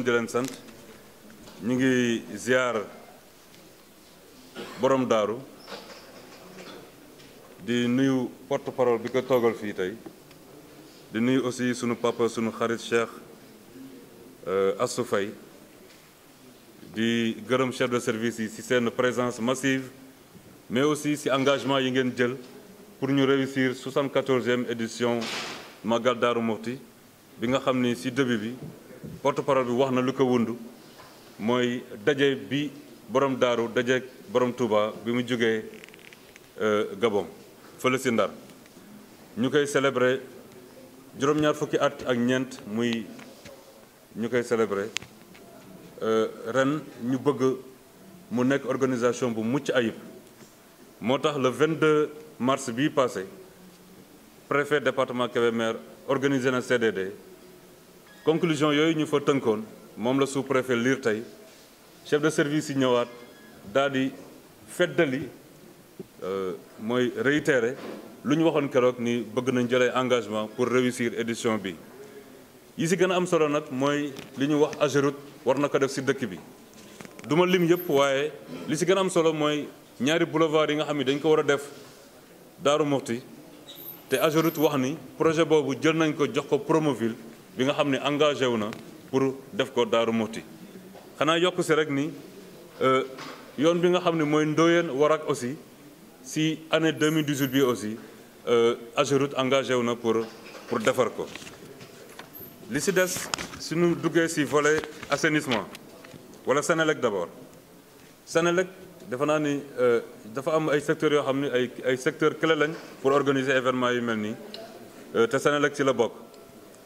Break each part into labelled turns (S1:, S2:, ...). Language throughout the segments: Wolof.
S1: gërëm di leen sant ñu ngi ziar borom daru di nuyu porte parole bi ko toogal fii tey di nuyu aussi suñu papa suñu xarit Cheikh euh, Assou Faye di gërëm chef de service ci seen présence massive mais aussi ci engagement yi ngeen jël pour ñu réussir 74e édition Magal daru Mouhty bi nga xam ci début bi porte parole bi wax na lu ko wund mooy daje bi borom daaru daje borom Touba bi mu jógee euh, Gabon fële si Ndar ñu koy célébrer juróom-ñaar fukki at ak ñeent muy ñu koy célébrer euh, ren ñu bëgg mu nekk organisation bu mucc ayib moo tax le 22 mars bii passé préfet département Kébémer organisé na CDD conclusion yoy ñu fa teunkon mom la sous-préfet lire tay chef de service ñëwaat daal di euh moy réitéré lu ñu waxoon keroog ni bëgg nañ jëlee engagement pour réussir édition bi yi ci gëna am solo nak moy li ñu wax Ageroute war na ko def ci dëkk bi duma lim yëpp waaye li ci gëna am solo moy ñaari boulevard yi nga xam ni dañ ko wara def daru Muxti té Ageroute wax ni projet bobu jël nañ ko jox ko Promoville bi nga xamné ne engagé wu na pour def ko daru moti xana yok ci rek ni euh yoon bi nga xamné moy mooy Ndoyeen Warak aussi si année 2018 bi aussi euh Ageroute engagé wu na pour pour defar ko li ci si des suñu duggee si volet assainissement wala Sénélec d'abord Sénélec dafa naa ni euh, dafa am ay secteur yo xam ay ay secteur clé lañ pour organiser événement yu melni euh té Sénélec ci la bokk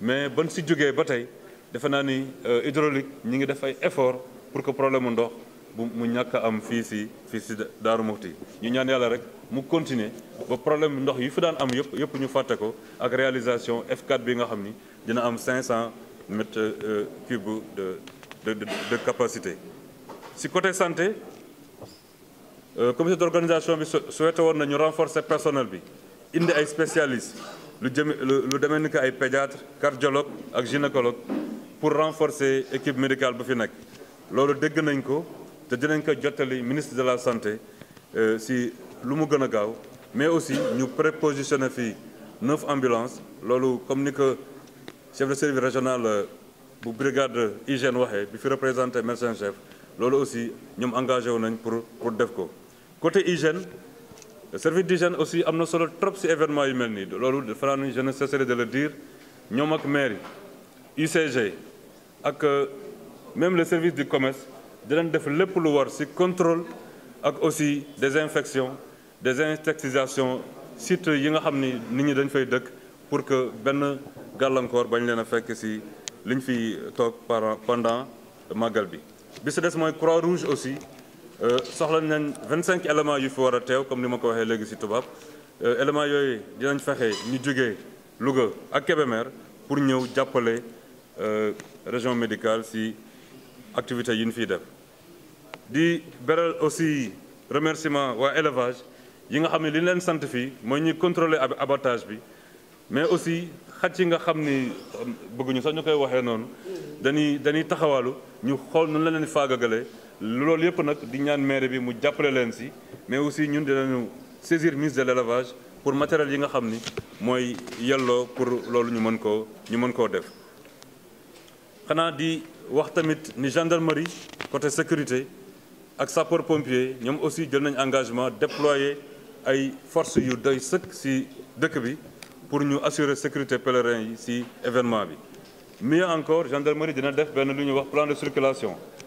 S1: mais ban si jógee ba tey defe ni euh, hydraulique ñi ngi efforts effort pour que problème ndox bu mu ñàkk am fii si fii si Daaru Muxti ñu ñaan yàlla rek mu continuer ba problème ndox yi fi daan am yëpp yëpp ñu fàtte ko réalisation F4 bi nga am 500 mètres euh, cubes de de de capacité. si côté santé euh, comité d'organisation bi souhaité woon nañu renforcer personnel bi indi ay spécialistes. Le domaine lu ni ay pédiatre cardiologue ak gynécologue pour renforcer l'équipe médicale bu fi nekk loolu dégg le ko te ko ministre de la santé euh, si nous avons mais aussi nous prépositionné 9 ambulances comme le chef de service régional euh, bu brigade hygiène Wahé, bi fi représenté médecin chef nous aussi ñoom engagé pour le DEFCO. côté hygiène le service d'hygiène aussi a solo trop si événement yu mel je ne cesserai de le dire nous ak mairie ICG, ak euh, même le service du commerce dinañ def lépp lu war si contrôle ak aussi des désinsectisation site yi nga xam ni nit ñi dañ fay pour que Ben Galancor bañ leen a fekk si liñ fi pendant màggal bi bi des mooy Croix-Rouge aussi Euh, soxla nañ vingt cinq éléments yu fi war a teew comme ni ma ko waxee léegi si tubaab euh, élément yooyu dinañ fexe ñu jóge Louga ak Kébémer pour ñëw jàppale euh, région médical si activités yi ñu fiy def di beral aussi remerciement waa élevage yi nga xam ne li leen sant fii mooy ñuy contrôler abattage bi mais aussi xaj yi nga xam ni bëgguñu sax ñu koy waxee noonu dañuy dañuy taxawalu ñu xool nu la leen faagagalee loolu yëpp nak di ñaan maire bi mu jappalé len ci mais aussi ñun dinañu saisir ministre de l'élevage pour matériel yi nga xamni moy yello pour lolu ñu mën ko ñu mën ko def xana di wax tamit ni gendarmerie côté sécurité ak sapeurs pompiers ñom aussi jël nañ engagement déployer ay force yu doy sëkk si dëkk bi pour ñu assurer sécurité pèlerins ci événement bi mieux encore gendarmerie dina def ben lu ñu wax plan de circulation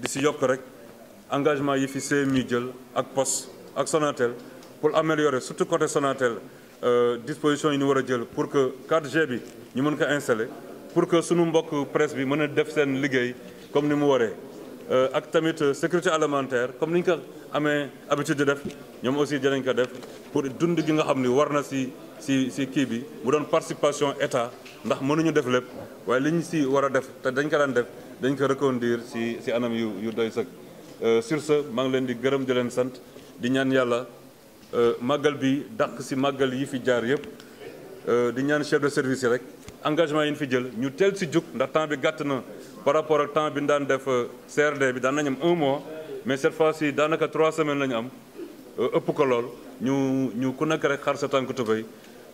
S1: décision si engagement Yifissé, fi CMU ak poste ak Sonatel pour améliorer surtout côté Sonatel euh, disposition yi ñu war pour que 4G bi ñu mën ko installer pour que sunu mbokk presse bi mën a def seen liggéey comme ni mu euh, ak tamit euh, sécurité alimentaire comme ni ñu ko amee habitude di def ñoom aussi dinañ ko def pour dund gi nga xam ni war si si kii bi mu doon participation état ndax mënuñu def lépp waaye li ñu si war a def te dañ ko daan def dañ ko reconduire si si anam yu yu doy sëg euh, sur ce maa ngi leen di gërëm di leen sant di ñaan yàlla euh, màggal bi dàq si màggal yi fi jaar yëpp euh, di ñaan chef de service yi rek engagement yi ñu fi jël ñu teel si jug ndax temps bi gàtt na par rapport ak temps bi ñu daan def CRD bi daan nañu am un mois mais cette fois ci daanaka trois semaines lañu am ëpp ko lool ñu ñu ku rek xar sa tànk tubéy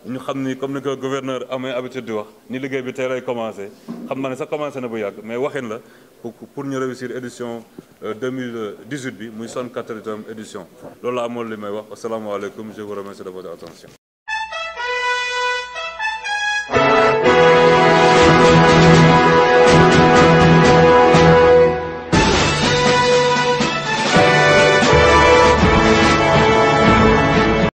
S1: ñu xam ni comme ni ko gouverneur amee habitude di wax ni liggéey bi tey lay commencé xam naa ne sax commencé na bu yàgg mais waxin la pour pour ñu réussir édition 2018 euh, bi muy 74e édition loolu la amoon li may wax asalaamaaleykum je vous remercie de votre attention